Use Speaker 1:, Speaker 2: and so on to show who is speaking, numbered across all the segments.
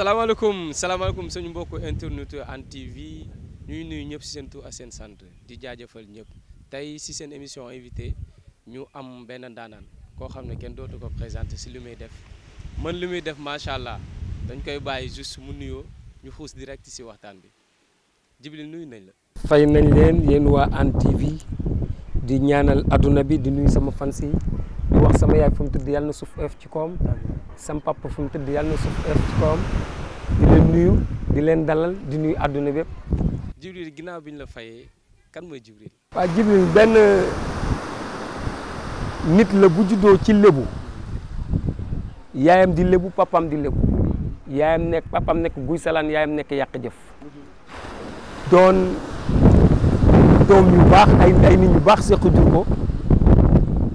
Speaker 1: salaamaaleykum salaamaaleykum suñu mbokk internet Hann TV ñuy nuyu ñëpp si seen tur ak seen sant di jaajëfal ñëpp tey si seen émission invité ñu am benn ndaanaan koo xam ne kenn dootu ko présenté si li muy def man li muy def macha allah dañ koy bàyyi juste mu nuyoo ñu xuus direct si waxtaan bi Djibril nuyu nañ la.
Speaker 2: fay nañ leen yéen waa Hann TV di ñaanal adduna bi di nuy sama fans yi di wax sama yaay fu mu tudd yàlla na suuf oyof ci koom. sam papa fum mu yalla di leen nuyu di leen dalal di nuyu àdduna bépp
Speaker 1: Jibril ginnaaw biñ la kan Jibril
Speaker 2: Jibril benn nit la bu juddoo ci lébu yaayam di lébu papam di lébu yaayam nekk papam nekk yaayam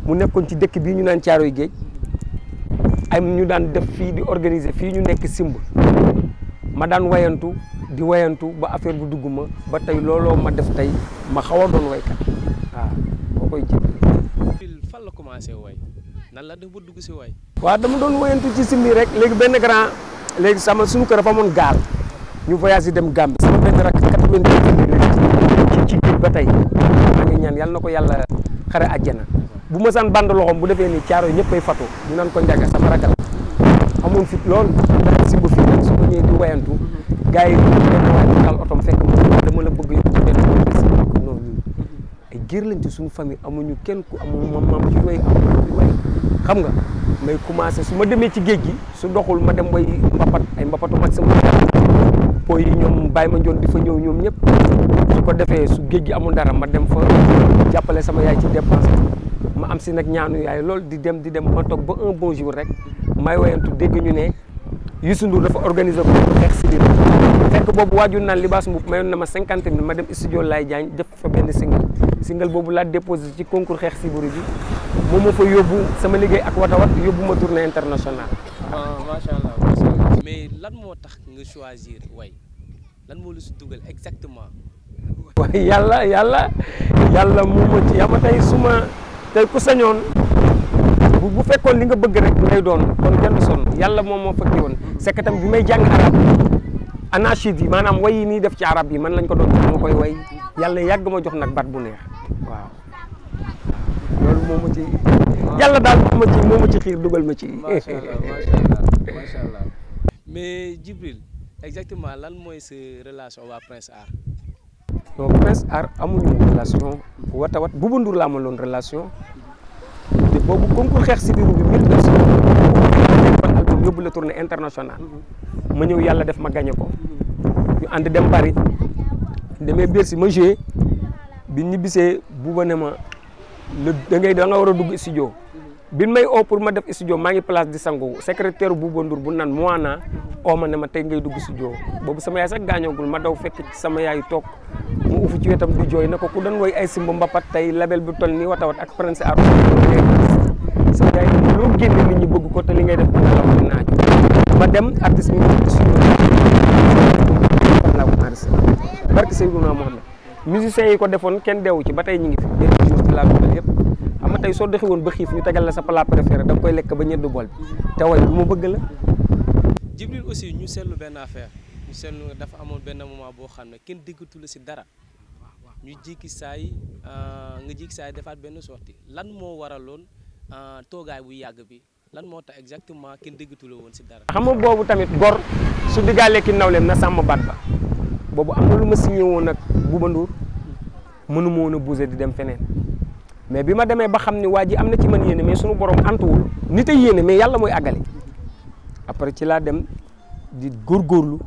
Speaker 2: yu ay ay ñu daan def fii di organiser fii ñu nekk simb ma daan wayantu di wayantu ba affaire bu dugg ma ba tey looloo ma def tey ma xaw a doon waykat waaw
Speaker 1: fan la commencé way nan la def ba dugg
Speaker 2: si way waaw dama doon wayantu ci simb yi rek léegi benn grand léegi sama suñu kër dafa amoon gaal ñu voyage dem Gambie sama benn rak quatre-vingt-dix ci ci ba tey maa ngi ñaan yàlla na ko yàlla xare àjjana bu ma mësaan band loxoom bu defee nii caaro ñëppay fatu ñu naan ko njaga sama rakk la amoon fit lool daa si bu fi nag su ko ñëwee di wayantu gars yi benn waay bu taal otom fekk ma dama la bëgg yóbbu ci benn si ko ay géer lañ amuñu kenn ku amul nga may commencé su ma demee ci géej gi su doxul ma dem way mbapat ay mbapatu mag sama po yi ñoom bàyyi ma njoon di fa ñëw ñoom ñëpp su ko defee su géej gi amul dara ma dem fa jàppale sama yaay ci dépense ma am si nak ñaanu yaay loolu di dem di dem ma tok ba un bon jour rek may wayantu dégg ñu ne Youssou Ndour dafa organiser ko pour xeex fekk boobu waajur naan Libaas Mbuub na ma 50 min ma dem studio lay jagne def fa ben single single bobu la déposer ci concours xeex si biir bi moom moo fa yobbu sama liguey ak Wata Wat yobbu ma tourner international
Speaker 1: ma sha allah mais lan mo tax nga choisir way lan mo lu su dugal exactement.
Speaker 2: waaye yalla yalla yàlla moo ma ci yama tay suma tey ku sañoon bu bu fekkoon li nga bëgg rek ngay doon kon kenn sonn yàlla moom moo fekki woon mm-hmm. c'est que bi may jàng arab anachid yi maanaam way yi nii def ci arab yi man lañ ko doon ma koy way yàgg ma jox nag bat bu neex waaw ci ah. yàlla daal moo ma ci moo ma ci xiir dugal ma ci allah macha allah mais Djibril exactement
Speaker 1: lan mooy sa relation waa Prince Art
Speaker 2: non Prince Art amuñu relation wata wat bu ndur la amalon relation te boobu concours xex ci biiru bi mille deux cent fan album yóbbu la tournée international ma ñew yalla def ma gagné ko ñu and dem Paris demé Bercy ma joué bi ñibbisee buuba ne ma le da ngay da nga wara dugg studio bin may o pour ma def studio ma ngi place di sangu secrétaire bu ndur bu nan moana o ma ne ma tay ngay dugg studio bobu sama yaay sax ma daw fekk sama yaay tok ufu ci wetam du jooy na ko ku doon woy ay simb mbapat tey label bu toll nii watawat ak prince art sama gars yi loo ñi bëgg ko li ngay def dina la wax naaj ma dem artiste mi suñu laa ko enregistré barke Seydina yi ko defoon kenn deewu ci ba tey ñu ngi fi dé jour laa dugal yëpp xam nga tey soo doxi woon ba xiif ñu tegal la sa plat préféré da nga koy lekk ba ñeddu bool bi te way bëgg la
Speaker 1: Djibril aussi ñu seetlu benn affaire ñu seetlu dafa amoon benn moment boo xam ne kenn déggatu si dara ñu jikki saay euh, nga jikki saay defaat benn sortie lan moo waraloon euh, toogaay bu yàgg bi lan moo tax exactement kenn déggatuloo woon si dara. xam
Speaker 2: nga boobu tamit gor su diggaale ki nawleem na sàmm baat boobu am na lu ma signé woon ak Bouba Ndour mënu ma woon a bouger di dem feneen mais bi ma demee ba xam ne waa ji am na ci man yéene mais sunu borom antuwul nit a yéene mais yàlla mooy àggale après ci laa dem di góor góorlu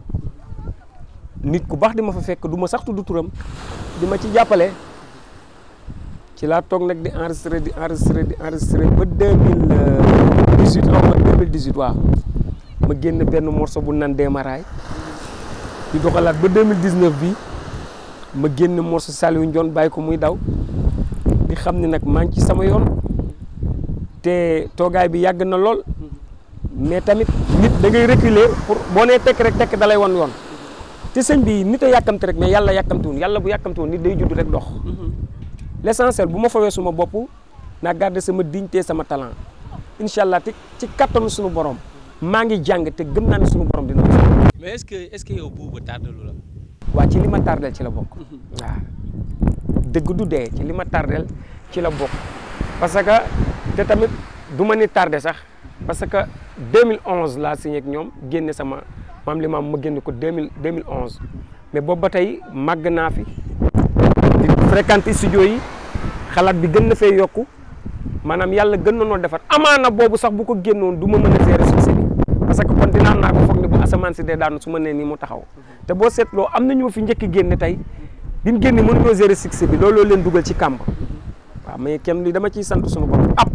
Speaker 2: nit ku baax di ma fa fekk du ma sax tudd turam. di ma ci jàppale ci laa toog nag di enregistré di enregistré di enregistré ba deux mille dix huit en deux mille dix huit waaw ma génn benn morceau bu nan démaraay di doxalaat ba deux mille dix neuf bi ma génn morceau Saliou Ndione bàyyi ko muy daw di xam ni nag maa ngi ci sama yoon te toogaay bi yàgg na lool mais tamit nit da ngay reculer pour boo nee tekk rek tekk dalay wan yoon. te sëñ bi nit a yàkkamte rek mais yàlla yàkkamtuwun yalla bu yàkkamtuwun nit day judd rek dox l'essentiel buma bu ma fawee suma bopp garder sama dignité sama talent inshallah allah ci katam suñu borom ma ngi jang te gëm naa ne suñu borom dina
Speaker 1: mais est ce que est ce que yow
Speaker 2: buuba tardelu la wa ci lima tardel ci la bok mhm. wa deug du dee ci lima tardel ci la bok parce que té tamit duma ni tardé sax parce que 2011 la signé ak ñom génné sama maam li maam ma génn ko 2000 2011 mais boobu ba tey màgg naa fi di fréquenté studio yi xalaat bi gën na fee yokk maanaam yàlla gën na noo defar amaana boobu sax bu ko génnoon du ma mën a gérer succès bi parce que kon dinaan naa ko foog ni bu asamaan si dee daanu su ma nee nii mu taxaw te boo seetloo am na ñu fi njëkk génn tey bi mu génne mënuñoo gérer succès bi loolu leen dugal ci kàmb waaw mais kenn li dama ciy sant suñu ko app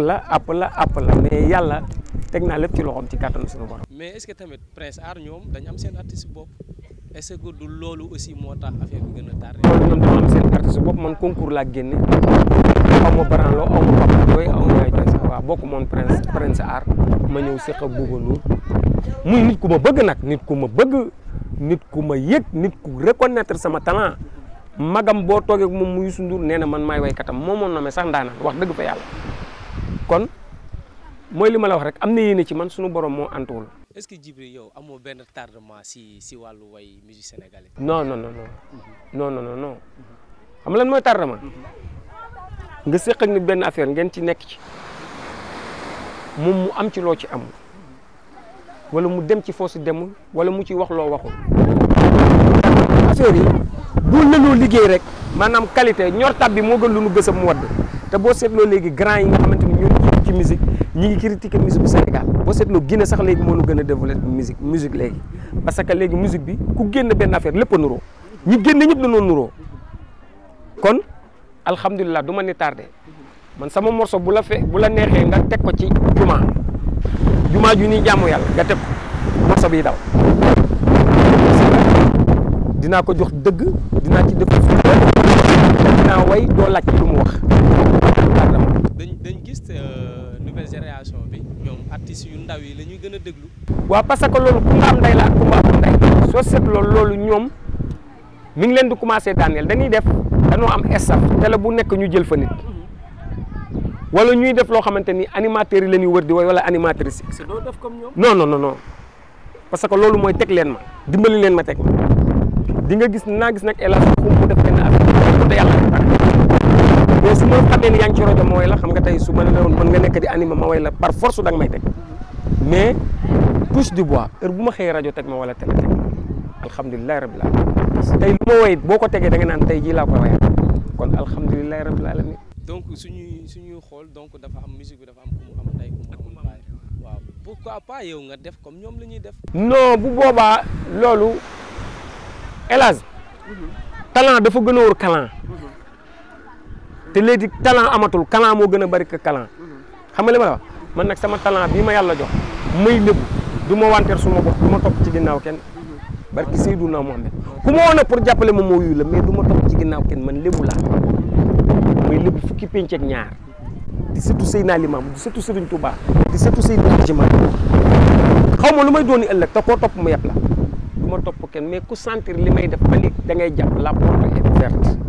Speaker 2: la app la app teg naa lépp ci loxom ci carton suñu borom.
Speaker 1: mais est ce que tamit prince art ñom
Speaker 2: dañ am sen artiste bop est ce que du lolu aussi motax affaire bi gëna a tardé. loolu ñoom am sen artiste bop man concours la génne aw ma Baranloo aw ma Papa Ndoye aw ma Ndiaye wa bokku mon prince prince art ma ñew ci ak Bouba muy nit ku ma bëgg nak nit ku ma bëgg nit ku ma yek nit ku reconnaître sama talent. magam bo toge mom muy sundur neena man may way katam momo nomé sax ndana wax deug fa yalla kon mooy li ma la wax rek am na yéene ci man suñu borom moo antuwul.
Speaker 1: est-ce que Djibril yow amoo benn tardement si si wàllu way musique sénégalaise.
Speaker 2: non non non non mhm. non non non xam lan mooy tardement mhm. nga seq ni benn affaire ngeen ci nekk ci moom mu am ci loo ci amul wala mu dem ci si dem wala mu ci wax loo waxul. affaire yi bu lëloo liggéey rek maanaam qualité ñor tab bi moo gën lu nu gësam mu wadd te boo seetloo léegi grand yi nga xamante ni ñun. ci musique ñi ngi critiquer musique bu Sénégal boo seetloo Guinée sax léegi moo nu gën a développé musique musique léegi parce que léegi musique bi ku génn benn affaire lépp a nuroo ñi génn ñëpp dañoo nuroo kon alhamdulilah du ma ni tardé man sama morso bu la fe bu la neexee nga teg ko ci jumaa jumaa ju nii jàmm yàlla nga teg ko morceau daw dinaa ko jox dëgg dinaa ci def dinaa way doo laaj lu mu wax xaaral dañ dañ gis
Speaker 1: euh, nouvelle génération bi ñoom artistes yu ndaw yi la ñuy gën a déglu.
Speaker 2: waaw parce que loolu ku am ndey la ku nga am ndey soo seetloo loolu ñoom mi ngi leen di commencé daaneel dañuy def dañoo am staff télé bu nekk ñu jël fa nit. Mhm. wala ñuy def loo xamante ni yi la wër di woy wala animatrices yi. doo def comme ñoom. non non non parce que loolu mooy teg leen ma dimbali leen ma teg di nga gis naa gis nag hélas fu mu def benn affaire bu yàlla ne yang ci rojo moy la xam nga tay su ma ne man nga nek di anima ma way la par force dag may tek mais touche du bois heure buma xey radio tek ma wala tele tek alhamdullilah rabbil alamin tay luma way boko tege da nga nan tay ji la ko way kon alhamdullilah rabbil alamin
Speaker 1: donc suñu suñu xol donc dafa am musique dafa am kumu am tay kumu am bay wa pourquoi pas yow nga def comme ñom lañuy def
Speaker 2: non bu boba lolu hélas mhm. talent dafa gëna a talent kalan mhm. te léegi talent amatul kalan moo gën a bari que kalan mhm. xam nga li ma la wax man nag sama talent bii ma yàlla jox may lébu du ma wanteer suma bopp du ma topp ci ginnaaw kenn mhm. barki Seydina Muhammad ku ma woon nag pour jàppale ma moo mais du ma topp ci ginnaaw kenn man lébu laa may lébu fukki pénc ak ñaar di sëtu Seydina Limaam di sëtu Sëriñ xaw ma lu may dooni ëllëg te koo topp mu yeb la du ma topp kenn mais ku sentir li may def ba ni da ngay jàpp la porte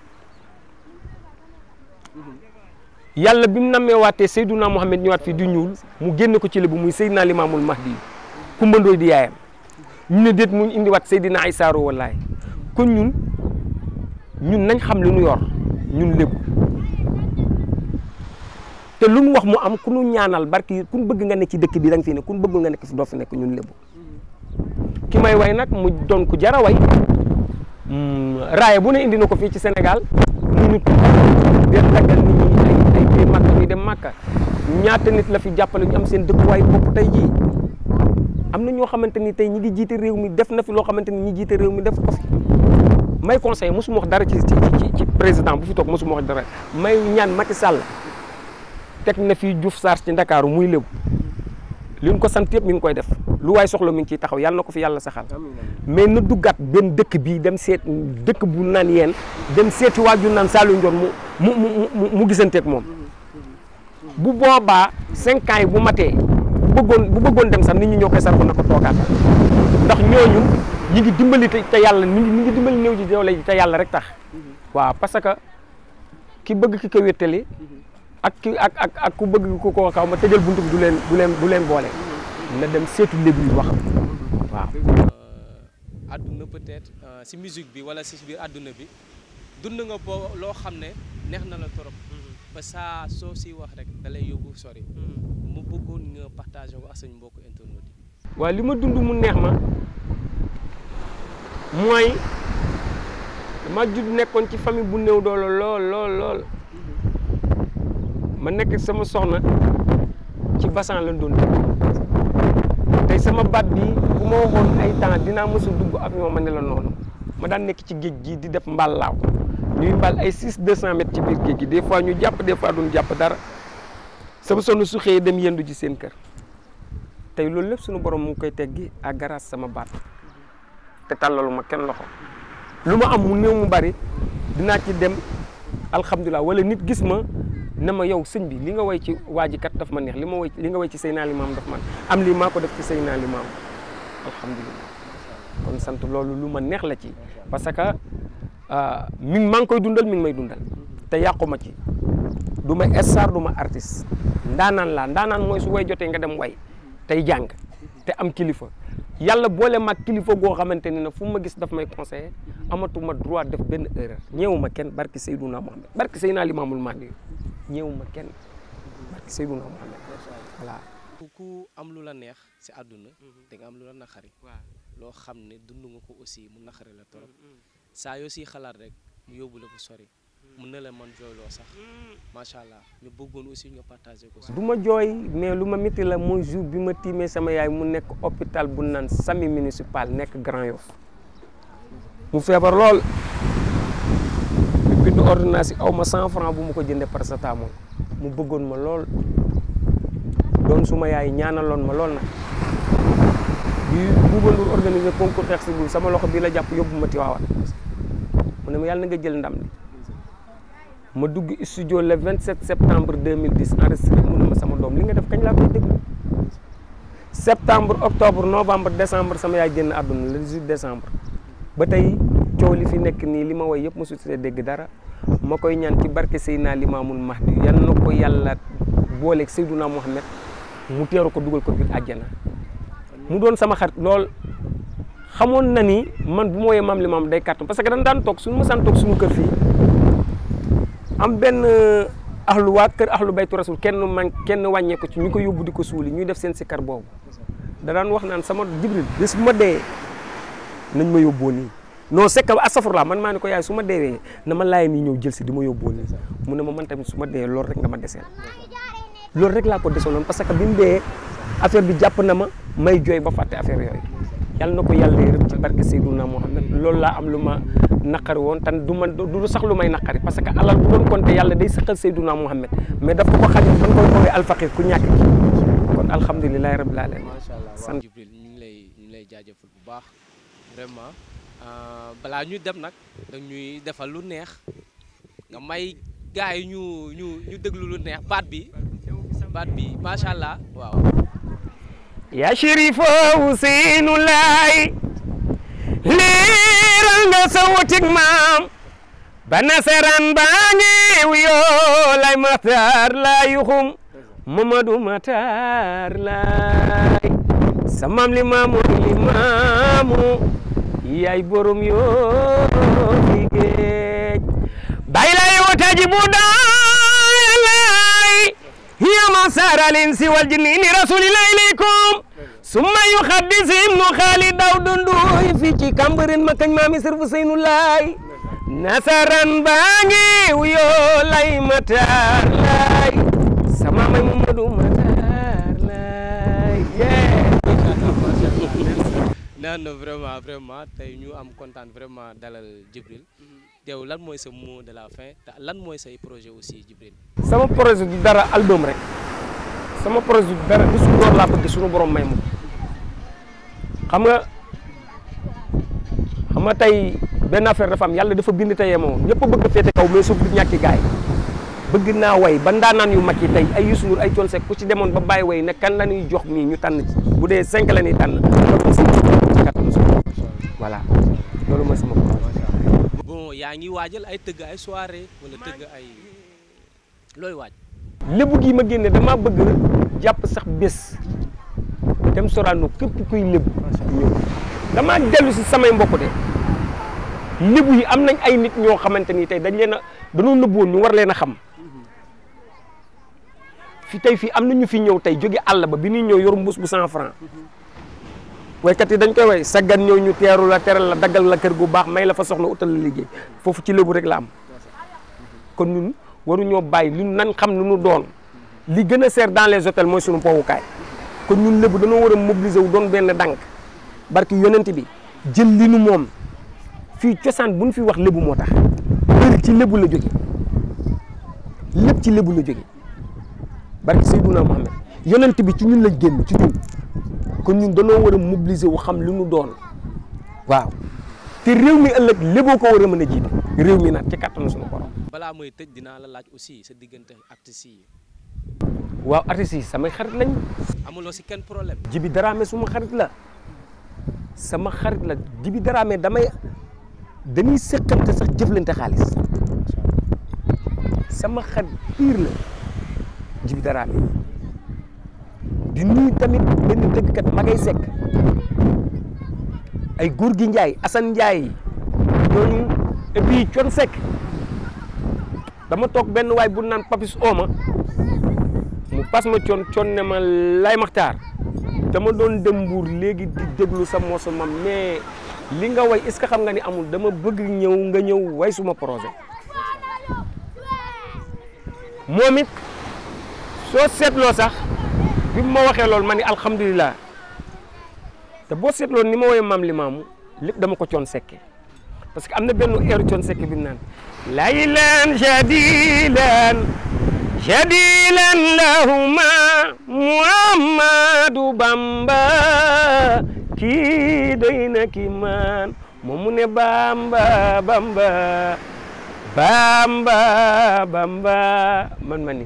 Speaker 2: yàlla bi mu nammee waatee Seydouna Mohamed ñëwaat fii du ñuul mu génn ko ci lébu muy Seydina Limaamul Mahdi kumbandooy di yaayam ñu ne déet mu indi waat Seydina ay Rouhou Laye kon ñun ñun nañ xam lu ñu yor ñun lébu te lu mu wax mu am ku nu ñaanal barki ku bëgg nga ne ci dëkk bi da nga fi ne ku bëggul nga nekk fi doo fi nekk ñun lébu ki may way nag mu doon ku jara hmm, raaya bu ne indi na ko fii ci senegal mu ñu den daggal nit ñi ñuy dem Màkka ñaata nit la fi jàppale ñu am seen dëkkuwaay bopp tey jii am na ñoo xamante ni tey ñi ngi jiite réew mi def na fi loo xamante ni ñi jiite réew mi def ko fi may conseil mosuma wax dara ci ci ci président bu fi toog mosuma wax dara may ñaan Macky Sall teg na fii Diouf Sarr ci Ndakaaru muy ko sant yëpp mi ngi koy def lu waay soxla mi ngi ciy taxaw yàlla na ko fi yàlla saxal mais na duggaat benn dëkk bii dem seet dëkk bu naan yeen dem seeti waaju naan Saliou Ndione mu mu mu mu moom bu boba 5 ans bu maté bëggon bu bëggon dem sax nit ñi ñokay sax sarku na ko toogaat ndax ñooñu ñi ngi dimbali ta yalla yàlla ñi ngi ngi dimbali neew ji doole ji te yàlla rek tax wa parce que ki bëgg ki ko wétali ak ki ak ak ak ku bëgg ku ko xaw ma tëjal buntu bi du len du len du len bolé na dem sétu léegi wax wa
Speaker 1: aduna euh, peut-être euh, si musique bi wala si bi aduna bi dund nga boo loo xam neex na la torop ba saa soo si wax rek da lay yóbbu sori. Hmm. mu bëggoon nga partagé ko ak suñu mbokku internet
Speaker 2: yi. li ma dund mu neex ma mooy ma judd nekkoon ci famille bu néew doole lool lool lool ma nekk sama soxna ci basan lañ doon tey sama baat bi bu ma waxoon ay temps dinaa mës dugg avion ma ne la noonu ma daan nekk ci géej gi di def laaw ñuy mbal ay 6 200 mètres ci biir géej gi des fois ñu japp des fois duñ japp dara sama sonu su xey dem yendu ci seen kër tay loolu lepp suñu borom mu koy teggi a garage sama baat té tàllalu ma kenn loxo luma am mu neew mu bari dina ci dem alhamdullah wala nit gis ma nama yow sëñ bi li nga way ci waji kat daf ma neex li ma way li nga way ci say naa daf man am li mako def ci say naa limaam kon sant loolu luma neex la ci parce que Euh, mi maa ngi koy dundal mi ngi may dundal te yàqu ma ci du ma star du ma artiste ndaanaan laa ndaanaan mooy su way jotee nga dem way tey jàng te am kilifa yàlla boole mag kilifa goo xamante ne ne fu ma gis daf may conseil amatuma droit def benn erreur ñeewuma kenn barki Seydouna Mohamed barki Seydina Limaamul Mahdi ñeewuma kenn barki Seydouna Mohamed
Speaker 1: ku am lu la neex si àdduna mhm. da am lu la naqari loo xam ne dund nga ko aussi mu naqari la torop mhm. saa yoo siy xalaat rek mu yóbbu la fu mun na la man jooyloo sax hmm. macha allah ñu bëggoon aussi nga partagé
Speaker 2: ko. du ma jooy mais lu ma métti la mooy jour bi ma tiimee sama yaay mu nekk hôpital bu naan sami municipal nekk Grand Yoff mu feebar lool di bind ordonnance yi ma cent franc bu ma ko jëndee paracetamol mu bëggoon ma lool doon suma yaay ñaanaloon ma lool nag. Bouba lu organiser concours taxi bu sama loxo bi la japp yobbu ma Tiwaawan mu ne ma yalla nga jël ndam li ma dugg studio le 27 septembre 2010 enregistré mu ne ma sama dom li nga def kagn la koy déglu septembre octobre novembre décembre sama yaay genn aduna le 18 décembre ba tay ciow li fi nek ni lima way yep yëpp ma sutee dégg dara makoy ñaan ci barke Seydina limamul Mahdi yalla nako yalla bolé booleeg Seydina mu téru ko duggal ko fi aljana mu doon sama xarit lool xamoon na ni man bu mooyee maam li maam day kàttan parce que dañ daan toog suñu mësaan toog suñu kër fii am benn euh, axlu waa kër lu baytu rasul kenn man kenn wàññeeku ci ñu ko yóbbu di ko suuli ñuy def seen sikkar boobu da daan wax naan sama jibril bés bu ma dee nañ ma yóbboo nii non c'est que astafurlah man maa ne ko yaay su ma deewee na ma laay mi ñëw jël si di ma yóbboo nii mu ne ma man tamit su ma dee loolu rek nga ma deseel affaire bi japp na ma may joy ba fàtte affaire yoy yalla na yalla yàlla ci barke sayyiduna muhammad loolu la am luma ma won tan du ma du sax lumay nakari parce que alal bu don konté yalla day saxal sayyiduna muhammad mais daf ko xañ ban koy al alfaqir ku ñak kon alhamdullilah rabbil alamin macha allah Jibril ñu
Speaker 1: lay ñu lay jaajëfal bu baax vraiment euh, bala ñu dem nak dañ ñuy defal lu neex nga may gaay ñu ñu ñu deglu lu neex baat bi baat bi macha allah waaw.
Speaker 2: yaa shérifo nga sa wutik maam ba nasaraan baa ñëw yoo lay Matar laay yuxum Mamadou Matar laay sa maam li maamu li maamu yaay borom yoo fi
Speaker 1: bay lay wota ji bu
Speaker 2: يا مسار الإنس والجنين رسول الله إليكم ثم يحدث ابن خالد ودندوي في كمبر مكان ما مصر حسين الله نصرا باغي ويو لاي متار لاي سما محمد متار لاي
Speaker 1: non non vraiment vraiment tey ñu am kontaan vraiment dalal Djibril yow lan mooy sa mot de la fin te lan mooy say projet aussi Djibril
Speaker 2: sama projet du dara album rek sama projet du dara du suñu borom laa bëgg suñu borom may mu xam nga xam nga tey benn affaire dafa am yàlla dafa bind tey yemoo ñëpp bëgg féete kaw mais suuf du gaay bëgg naa way ba ndaanaan yu mag yi tey ay Youssou Ndour ay Thione ku ci demoon ba bàyyi way ne kan la ñuy jox mii ñu tànn ci bu dee cinq la voilà loolu mooy sama
Speaker 1: yaa ngi waajal ay tëgg ay soirée wala tëgg ay looy waaj.
Speaker 2: lébu gi ma génne damaa bëgg jàpp sax bés dem Sorano képp kuy lébu damaa dellu si samay mbokk de lébu yi am nañ ay nit ñoo xamante ni tey dañ leen a dañoo nëbboon ñu war leen a xam mhm. fi tey fii am na ñu fi ñëw tey jóge àll ba bi ñuy ñëw yor mbuus bu cent franc mhm. Wakati yi dañ koy way saggan ñëw ñu teeru la teral la dagal la kër gu baax may la fa soxna utal la liggéey foofu ci lébu rek la am kon ñun waruñoo bàyyi lu nan xam lu nu doon li gën a dans les hôtels moy suñu powukaay kon ñun lébu dañoo war mobiliser wu doon benn barki yonent bi jël nu moom buñ fi wax lebu moo tax ci lébu la jóge lépp ci la barki Seyduna Muhammad yonent bi ci ñun la ci kon ñun dañoo war a mobiliser wu xam li ñu doon waaw te réew mi ëllëg léboo ko war a mën réew mi nag ci kattanu suñu borom.
Speaker 1: balaa mooy tëj dinaa la laaj aussi sa diggante artistes yi.
Speaker 2: waaw artistes yi samay xarit lañ. amuloo si kenn problème. Djiby Dramé suma xarit la sama xarit la Djiby Dramé damay dañuy sëqante sax jëflante xaalis sama xarit pire la Djiby Dramé. di nuyu tamit benn tëggkat magay sek ay góor gi njaay asan njaay ñooñu et puis con sek dama tok benn way bu naan papis oma mu pass ma cion cion ne ma lay maktar, dama don dem bour léegi di deglu sa mam mais li nga way est ce xam nga ni amul dama bëgg ñew nga ñew way suma projet momit so set lo sax bi mu ma waxee loolu ma ni alhamdulilah te boo seetloo ni mo waye mam limam lepp dama ko coon sekke parce que amna benu erreur eeru sekke bi nane laylan jadilan jadilan lahuma muhammadu bamba ki deyna ki man momune bamba bamba bamba bamba man mani.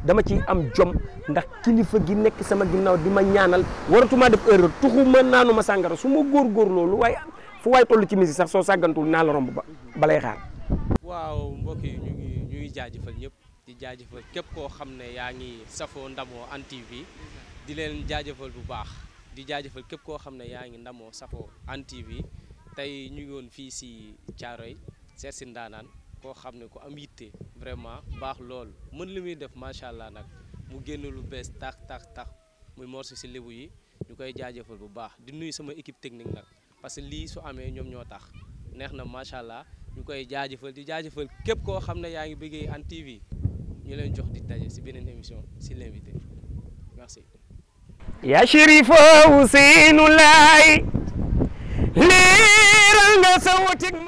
Speaker 2: dama ci am jom ndax kilifa gi nekk sama ginnaaw di ma ñaanal waratuma def erreur tuxuma naanu ma sàngara su ma góorgóor loolu waaye fu waay toll ci musique sax soo sàggantul naa la romb ba balay xaar.
Speaker 1: waaw mbokk yi ñu ngi jaajëfal ñëpp di jaajëfal képp koo xam ne yaa ngi safoo ndamoo Hann TV di leen jaajëfal bu baax di jaajëfal képp koo xam ne yaa ngi ndamoo safoo Hann TV tey ñu ngi woon fii si Thiaroye seet si ndaanaan koo xam ne ku am yitte. vraiment baax lool mën li muy def macha allah nag mu génn lu bees tax tax tax muy morceau si lébu yi ñu koy jaajëfal bu baax di nuyu sama équipe technique nag parce que lii su amee ñoom ñoo tax neex na macha allah ñu koy jaajëfal di jaajëfal képp koo xam ne yaa ngi bëggee Hann TV ñu leen jox di daje si beneen émission si l'invité merci
Speaker 2: ya shérifo Ousseynou Laye
Speaker 1: leeral nga sa wotik